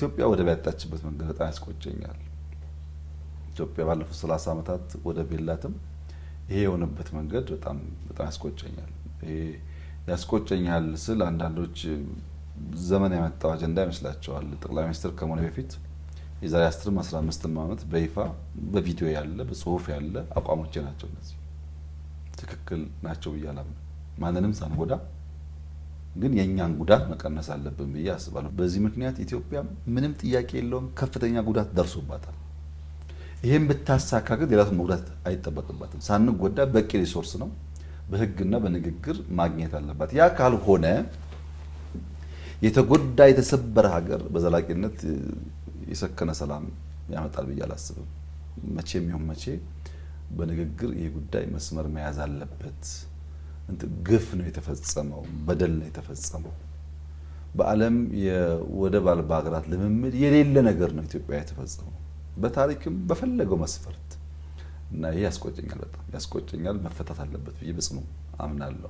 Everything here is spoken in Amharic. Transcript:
ኢትዮጵያ ወደብ ያጣችበት መንገድ በጣም ያስቆጨኛል። ኢትዮጵያ ባለፉት ሰላሳ ዓመታት ወደብ የላትም። ይሄ የሆነበት መንገድ በጣም በጣም ያስቆጨኛል። ይሄ ያስቆጨኛል ስል አንዳንዶች ዘመን ያመጣው አጀንዳ ይመስላቸዋል። ጠቅላይ ሚኒስትር ከመሆኔ በፊት የዛሬ 10 15 አምስትም ዓመት በይፋ በቪዲዮ ያለ በጽሁፍ ያለ አቋሞቼ ናቸው። እነዚህ ትክክል ናቸው ብዬ አላምንም ማንንም ሳንጎዳ ግን የእኛን ጉዳት መቀነስ አለብን ብዬ አስባለሁ። በዚህ ምክንያት ኢትዮጵያ ምንም ጥያቄ የለውም ከፍተኛ ጉዳት ደርሶባታል። ይህም ብታሳካ ግን ሌላቱን መጉዳት አይጠበቅባትም። ሳንጎዳ በቂ ሪሶርስ ነው በህግና በንግግር ማግኘት አለባት። ያ ካልሆነ የተጎዳ የተሰበረ ሀገር በዘላቂነት የሰከነ ሰላም ያመጣል ብዬ አላስብም። መቼም ይሁን መቼ በንግግር ይህ ጉዳይ መስመር መያዝ አለበት። ግፍ ነው የተፈጸመው፣ በደል ነው የተፈጸመው። በዓለም የወደብ አልባ ሀገራት ልምምድ የሌለ ነገር ነው ኢትዮጵያ የተፈጸመው በታሪክም በፈለገው መስፈርት እና ይህ ያስቆጨኛል፣ በጣም ያስቆጨኛል። መፈታት አለበት ብዬ በጽኑ አምናለሁ።